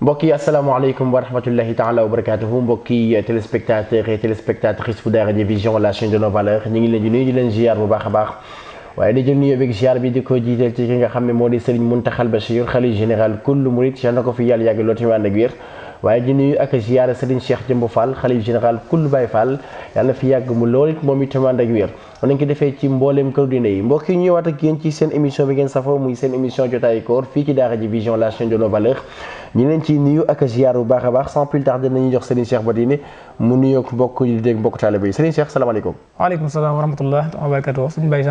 بوكي السلام عليكم ورحمة الله تعالى وبركاته بوكي تلسبكتاتر تلسبكتاتر خيسفو دار دي لا شين دو نو فالور نيغي لا دي لن جيار بو باخ باخ واي دي جيم نيو بيك جيار بي دي كو جيتال تي كيغا خامي مودي سيرن منتخل بشير خليل جنرال كل مريد شانكو في يال ياغ لوتي واندك وير waaye di nuyu ak ziyaara Serigne Cheikh Jëmbo Fall fi yàgg mu lool moom itam ko defee ci mbooleem këru diine yi mbokk yi ñuy ci seen émission bi ngeen safoo seen émission jotaayu koor fii ci daara ji vision la chaîne de ñu ak ziyaar bu baax a baax sans plus tarder nañu jox Serigne Cheikh Badine mu nuyoog mbokk yi dégg mbokk taalibe yi Serigne Cheikh salaamaaleykum waaleykum salaam wa rahmatullah wa barakatuh suñu Baye ne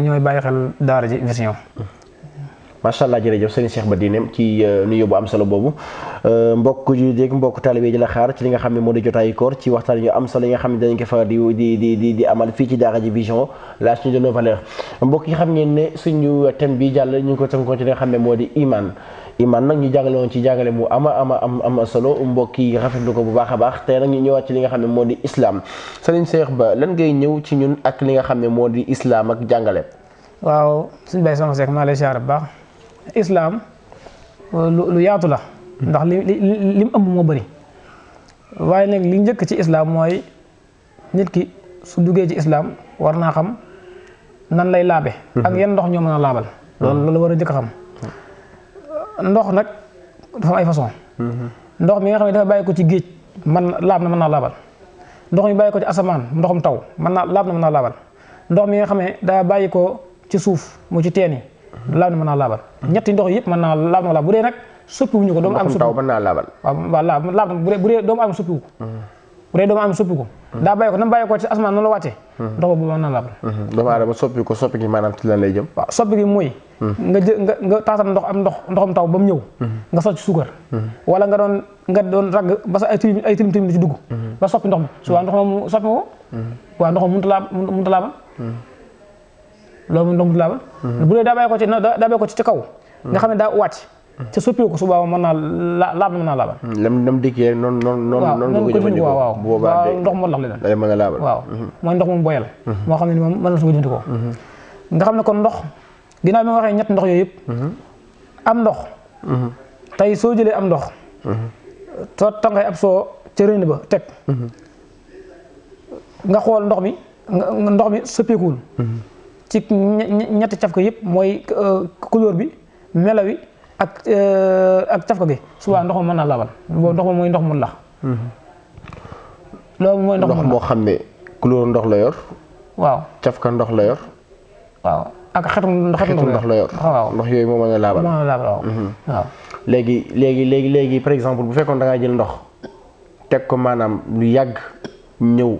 ñooy bàyyi xel daara ji vision macha allah jërëjëf sëriñ Cheikh Badiane ci euh, nuyu bu am solo boobu euh, mbokk ju dégg mbokk taalibe ji la xaar ci li nga xam ne moo di jotaayu koor ci waxtaan yu am solo yi nga xam ne dañ ne suñu thème bi jàll ñu ngi ko tënkoon ci li nga xam ne moo di iman iman nag ñu jàngale woon ci jàngale mu ama ama am am solo mbokk yi ko bu baax a baax tey nag ñu ñëwaat ci li nga xam ne moo di islam sëriñ Cheikh Ba lan ngay ñëw ci ñun ak li nga xam ne moo di islaam ak jàngale waaw suñu bay sama Cheikh maa lay islaam euh, lu yaatu la ndax li li mu ëmb moo bëri waaye nag li njëkk ci islaam mooy nit ki su duggee ci islaam war naa xam nan lay laabe mhm. ak yan ndox ñoom na a laabal loolu mhm. war a jëkk xam ndox nag dafa am ay façon mhm. ndox mi nga xam ne dafa bàyyi ko ci géej man laab na mën naa laabal ndox mi bàyyi ci asamaan ndoxum taw mën naa laab na mën naa ndox mi nga xam ne daa bàyyi ci suuf mu ci teen yi laab na mën naa laabal ñetti ndox yëpp mën naa laab na laab bu dee nag soppiwuñu ko doomu am soppi taw mën naa laabal waaw waaw laab laab na bu dee doomu am soppiwu mm-hmm. bu dee doomu am soppi ko mm-hmm. daa bàyyi ko na bàyyi ko ci asamaan noonu la wàccee mm-hmm. ndox boobu mën naa laabal doomu aadama soppi ko soppi a a loolu moom donc laaba mhm. bu dee daa bàyyi ko ci daa bàyyi ko ci kaw nga xam ne daa wàcc mhm. te soppiwu ko su boobaa mën naa la laab mën naa laabal hmm, lam lam dikkee noonu noonu noonu noonu nga ko jëfandikoo waaw waaw ndox moo lax li doon mën a laabal waaw mhm. mooy ndox moom boyal moo xam ne ni moom mën na su ko jëfandikoo nga xam ne kon ndox ginnaaw bi ma waxee ñett ndox yooyu yëpp am ndox tey soo jëlee am ndox soo tànkee ab soo ca rënd ba teg nga xool ndox mi ndox mi soppeekuwul ci ñetti cafka yëpp mooy euh, couleur bi melo wi ak euh, ak cafka gi subaa ndox ma mën naa laabal boobu ndox ndox mun la mm-hmm. loolu mooy ndox moo xam ne couleur ndox la yor waaw cafka ndox la yor waaw ak xetu ndox la yor ndox yooyu moo mën mm-hmm. léegi léegi léegi léegi par exemple bu fekkoon da jël ndox teg ko maanaam lu yàgg ñëw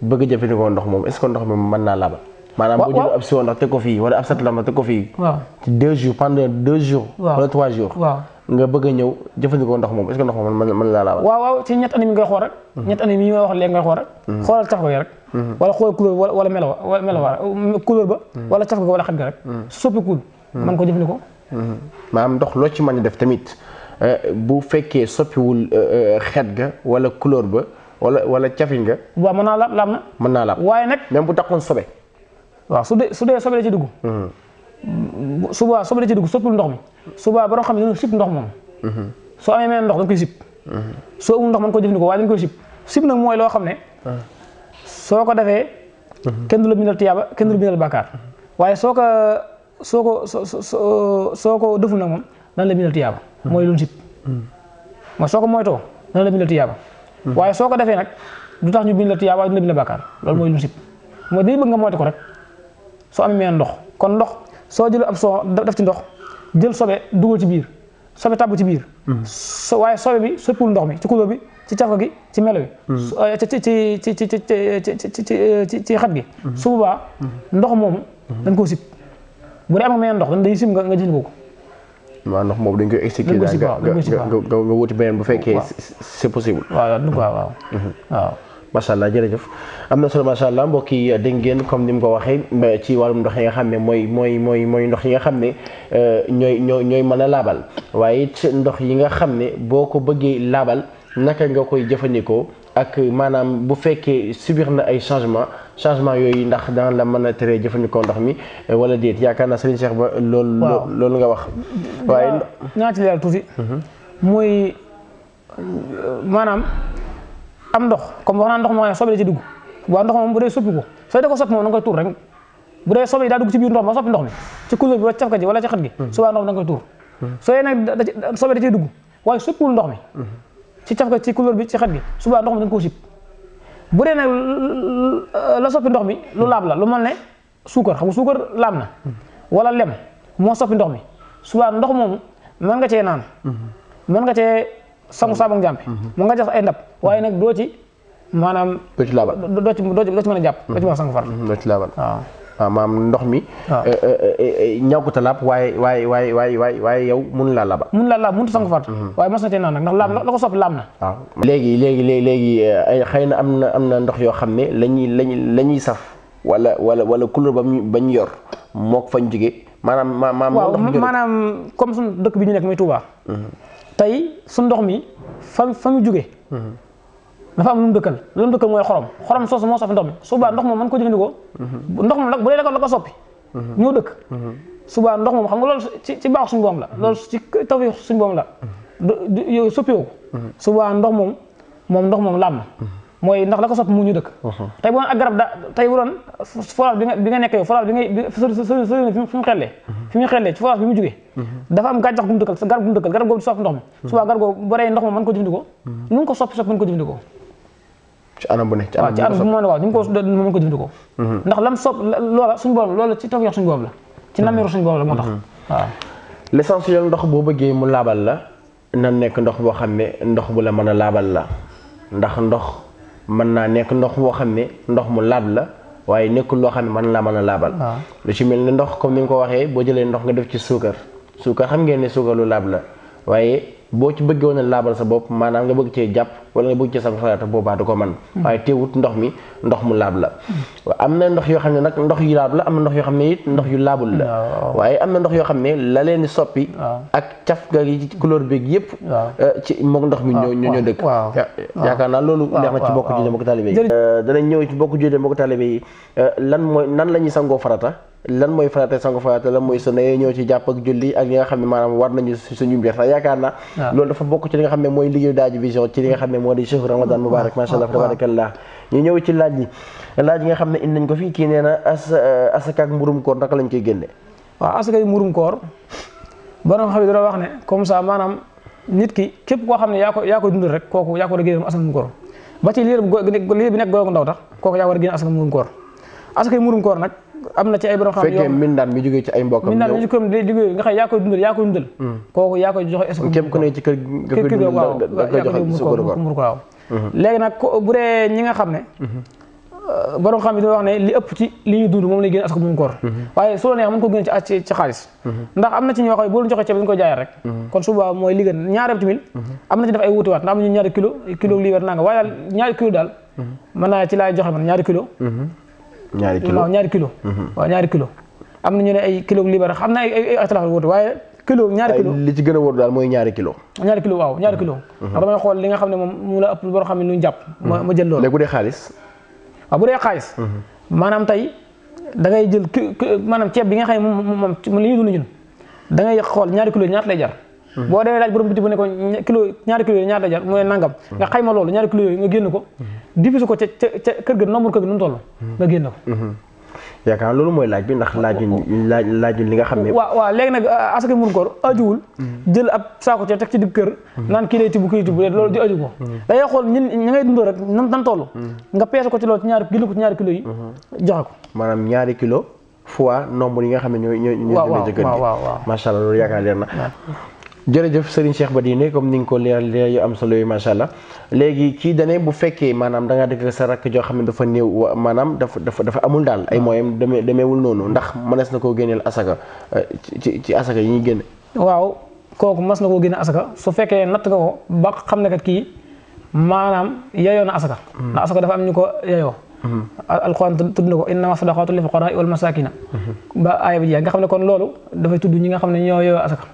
bëgg jëfandikoo ndox moom est ndox mi mën naa laabal maanaam boo jëlee ab si woon ndax teg ko fii wala ab satlam ndax teg ko fii. waaw ci deux jours pendant deux jours. wala trois jours. nga bëgg ñëw jëfandikoo ndox moom est ce que ndox moom man man laa la wax. waaw waaw ci ñett anam yi ngay xool rek. Hmm. ñett anam yi may rek. Hmm. xoolal caf ga rek. Hmm. wala xool wala wala melo wala melo wala couleur ba. wala caf ga wala xet ga rek. soppeekul. mën ko jëfandikoo. maanaam ndox loo ci mën a def tamit eh, bu fekkee soppiwul eh, eh, xet ga wala couleur ba wala wala cafin ga. waaw mën naa laab laab na. mën naa laab waaye nag. même bu taxoon sobe waaw su dee su dee sobe la ci dugg. Hmm. subaa sobe la ci dugg soppul ndox mi subaa borom xam ne dañu ndox moom. Hmm. soo amee meen ndox dañ koy sip. Hmm. soo amul ndox mën ko jëfandikoo waaye dañ koy sip sip nag mooy loo xam ne. ko defee. kenn la bindal tiyaaba kenn du la waaye soo ko soo ko soo soo ko deful nag moom dana la ñu sip. mooy soo ko moytoo dana la bindal waaye soo ko defee nag du tax ñu bind la tiyaaba waaye du la bindal loolu mooy lu ñu sip mooy bëgg nga moytu ko rek. su amee ndox kon ndox soo jël ab soo def ci ndox jël sobe dugal ci biir sobe tàbb ci biir so waaye bi soppiwul ndox mi ci couleur bi ci cafka gi ci melo bi ci xat gi su boobaa ndox moom dañ koo sib bu dee am nga meneen ndox dañ dañuy sib nga nga jël ko maanaam ndox moom dañ koy expliqué daal nga wuti beneen bu fekkee c'est possible waaw waaw macha allah jërëjëf amna solo masallah mbok yi dégg ngeen comme nim ko waxe ci walum ndox yi nga xamne moy moy moy moy ndox yi nga xamne ñoy ñoy ñooy ñooy mën a laabal ndox yi nga xamne boko boo ko naka nga koy jëfandikoo ak manam bu fekke subir na ay changement changement yoy ndax dans la mën téré teree ndox mi wala déet yakarna Serigne Cheikh ba loolu. loolu nga wax. waye ñati leer tuti moy manam am ndox comme wax naa ndox moo ne sobe da ci dugg waaw ndox moom bu dee soppi ko sooy da ko soppi moom da nga koy tuur rek bu dee sobe yi daa dugg ci biir ndox ma soppi ndox mi ci couleur bi wala cafka ji wala ci xet gi hmm. subaa ndox mi da nga koy tuur sooy nag sobe da ciy dugg waaye soppiwul ndox mi hmm. ci cafka ci couleur bi ci xet gi subaa ndox mi da nga koo sip bu dee nag la soppi ndox mi lu laab la lu mel ne suukar xam nga suukar laab na hmm. wala lem moo soppi ndox mi subaa ndox moom mën nga cee naan mën nga cee sangu saabu njàmpe mën nga jox ay ndab waaye nag doo ci maanaam. doo ci laabal doo ci doo a jàpp. doo ci mën a sangu far. doo ci laabal waaw. waaw ah, maam ndox mi. waaw ah. eh, eh, eh, ñaw ko ta laab waaye waaye waaye waaye waaye yow mun laa laaba. mun laa laab mënut a sangu far. Mm-hmm. waaye mos na cee naan nag ndax laab la ko soppi laab na. Ah. léegi léegi léegi ay xëy na am na am na ndox yoo xam ne lañuy ñuy la ñuy saf wala wala wala couleur ba ñu ba yor mook fañ jógee maanaam maanaam. waaw maanaam comme su dëkk bi ñu nekk muy Touba. Mm-hmm. tey su ndox mi fa fa mu dafa am lu mu dëkkal lu mu dëkkal mooy xorom xorom soosu mo soppi ndox mi subaa ndox moom man ko jëfandikoo ndox moom nak bu lay la ko la ko soppi ñu dëkk suba ndox mo xam nga lool ci ci baax suñu boom la lool ci tawi suñu boom la yow soppi wu suba ndox moom mom mhm. ndox mom lam moy ndax la ko soppi mu ñu dëkk uh-huh. tay bu doon ak garab da tay bu doon forage bi nga bi nga nekk yow forage bi ngay fi mu mhm. fi mu ci forage bi mu jógee mhm. dafa am gàncax gu mu dëkkal garab gu mu dëkkal garab googu di ndox mi subaa garab bu ndox moom man ko jëfandikoo nu ko sopp sopp man ko jëfandikoo ci anam bu ne ci anam bu mu mën waaw ñu ko mën ko jëfandikoo mhm. ndax lam sopp loola suñu borom loola ci tawfeex suñu borom la ci mhm. nameeru suñu borom la moo tax mhm. waaw l'essentiel ndox boo bëggee mu laabal la na nekk ndox boo xam ne ndox bu la mën a laabal la ndax ndox mën naa nekk ndox boo xam ne ndox mu laab la waaye nekkul loo xam ne mën laa mën a laabal lu ci mel ni ndox comme ni nga ko waxee boo jëlee ndox nga def ci suukar suukar xam ngeen ne suukar lu laab la waaye boo ci bëggoon a laabal sa bopp maanaam nga bëgg cee jàpp wala nga bëgg cee sangu farata boobaa du ko mën hmm. waaye teewut ndox mi ndox mu laab la hmm. am na ndox yoo xam ne nag ndox yu laab la am na ndox yoo xam ne it ndox yu laabul la waaye am na ndox yoo xam ne la leen di soppi ak caf ga yi couleur beeg yëpp. waaw euh, ci moom ndox mi ñoo dëkk. yaakaar naa loolu. neex na ci bokk jullit mbokk taalibe yi. Euh, danañ ñëw ci bokk jullit mbokk yi euh, lan mooy nan la ñuy sangoo farata lan mooy farata sango farata lan mooy sunna ñëw ci jàpp ak julli ak li nga xam ne maanaam war nañu suñu mbir sax yaakaar naa loolu dafa bokk ci li nga xam ne mooy liggéeyu Daaju Vision ci li nga xam ne moo di chahru ramadan mubarak masha allah tabarakallah ñu ñëw ci laaj yi laaj nga xam ne indi nañ ko fii kii nee na as asaka ak mburum koor koy génne waaw asaka ak mburum koor borom xam ne dana wax ne comme ça maanaam nit ki képp koo xam ne yaa ko dundal rek kooku yaa ko war murum koor asaka murum koor nag am na ci ay borom xam fekkee mindaan bi jógee ci ay mbokk mindaan bi jógee nga xam yaa dundal yaa dundal hmm. kooku yaa joxe asaka képp murum koor waaw hmm. léegi nag bu dee xam ne hmm. Euh, borom xam bi dañoo wax ne li ëpp ci li ñuy dund moom lay génn askan bu mu koor mhm. waaye su la neex mën ko génn ci ci xaalis mhm. ndax am na ci ñoo xam ne boo leen joxee mhm. li gën ñaari na ci def ay wuti waat ndax am na ñu ñaari kilo kilo lii war naa nga waaye daal ñaari kilo daal mën naa ci laay joxe man ñaari kilo ñaari kilo waaw na kilo liibar xam na ay li a wóor nga xam ne mu la ëpp boo xam ne lu ma jël loolu léegi bu xaalis waaw bu dee xaalis. Mhm. maanaam tey da ngay jël maanaam ceeb bi nga xam ne moom moom li ñu dund ñun da ngay xool ñaari kilo ñaata lay jar. Mhm. boo demee laaj borom biti bu ne ko kilo ñaari kilo yi ñaata lay jar mooy nangam. Mhm. nga xayma loolu ñaari kilo yooyu nga génn ko. diffuse ko ca ca ca kër ga nombre kër ga nu mu nga génn ko. yaakaar loolu mooy laaj bi ndax laaj laaj laajul li nga xam ne waaw waaw léegi nag euh, asaka mun koor ajuwul mm-hmm. jël a saako ceeb teg ci digg kër mm-hmm. naan kii lay tibb kii tibb loolu di aju ko mm-hmm. da ngay xool ñun ñi ngay dundoo rek nan nan toll nga peese ko ci loolu ci ñaari kilo ko ci ñaari kilo yi joxe maanaam ñaari kilo fois nombre yi nga xam ne ñoo ñoo ñoo dina ci kër gi macha loolu yaakaar leer na jërëjëf Serigne Cheikh Badine comme ni nga ko leer leer yu am solo yi macha allah léegi kii dane bu fekkee maanaam da ngaa sa rakk joo xam ne dafa néew maanaam dafa dafa dafa amul daal ay moyens demee demeewul noonu ndax mënees na koo génneel asaka euh, ci ci asaka yi ñuy génne. waaw kooku mas na koo génne asaka su fekkee natt nga ko ba xam ne kat kii maanaam yeyoo na asaka. Hmm. ndax asaka dafa am ñu ko yeyoo. alquran tudd na ko innama sadaqatu lil fuqaraa wal masakina ba aaya bi jeex nga xam ne kon loolu dafay tudd ñi nga xam ne ñoo yoo asaka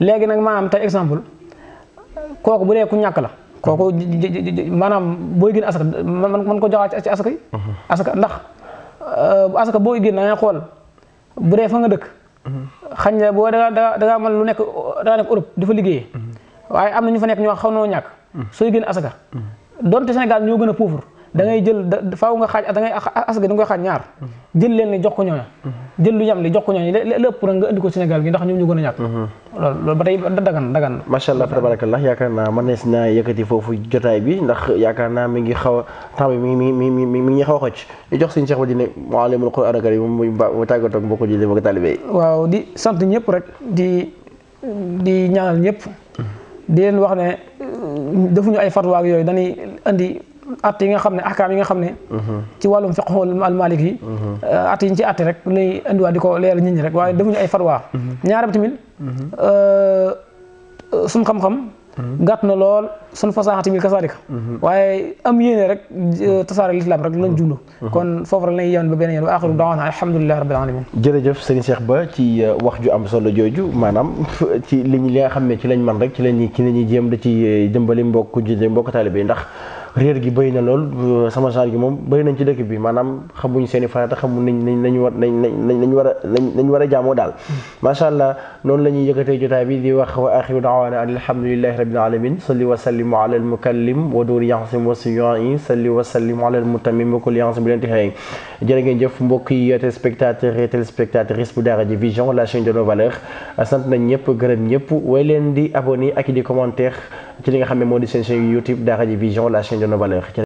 léegi nag maanaam tey exemple kooku bu dee ku ñàkk la kooku maanaam booy génn asaka man ko joxaat ci asaka yi asaka ndax euh, asaka boo génn da ngay xool bu dee fa nga dëkk xañ boo da da dangaa mën lu nekk dangaa nekk Europe di fa liggéeyee waaye am na ñu fa nekk ñoo xaw noo ñàkk sooy génn asaka donte Sénégal ñoo gën a pauvre da ngay jël faaw nga xaaj da ngay asaka da koy xaaj ñaar mhm. jël leen li jox ko ñooña mhm. jël lu yam li jox ko ñooña lépp rek nga indi ko Sénégal gi ndax ñoom ñu gën a ñàkk mhm. loolu loolu ba tey dagan dagan macha allah tabarakallah yaakaar naa bi ndax yaakaar naa mi ngi xaw a temps bi mi mi mi mi ngi xaw a xëcc ñu jox suñu Cheikh Madina maalimul Qur'an karim mu tàggatoo ak mbokk ji li ma ko talibé yi waaw di sant ñëpp rek di di ñaanal di leen wax ne euh, defuñu ay fatwa ak yooyu dañuy andi at yi nga xam ne ahkaam yi nga xam ne mhm. ci wàllum fiqhul almalik yi mhm. euh, at yi ci atte rek lay indiwaat di rek waaye mhm. defuñu ay fatwa ñaareel tamit euh, euh, suñ xam-xam na lool sun fasaxa tamit kasaalika waaye am yéene rek tasaare lislaam rek lañ jublu kon foofu rek lañuy yemoon ba beneen yoon wa axiru daawana alhamdulilahi rabbil alamin jërëjëf wax ju am solo jooju maanaam ci li li nga xam ne ci lañ man rek ci lañ ci la ñuy jéem da ci jëmbali mbokk jullit mbokk taalibe yi ndax réer gi bëri lol sama genre gi mom bëri ci dëkk bi manam xamuñ seen i ta xamuñ nañ nañ nañ nañ nañ war a nañ war a jaamoo daal macha allah noonu la ñuy yëkkatee bi di wax wa akhiru da'wana alhamdulillahi rabbil alamin salli wa sallim ala al mukallim wa dur yahsim wa suyoi salli wa sallim ala al mutamim wa kul yahsim bilanti hay jërë ngeen jëf mbokk yi téléspectateurs et téléspectatrices bu dara J Vision la chaîne de nos valeurs sant nañ ñëpp gërëm ñëpp way leen di abonné ak di commentaire ci li nga xam ne di chaîne YouTube dara J Vision la chaîne eu Nova York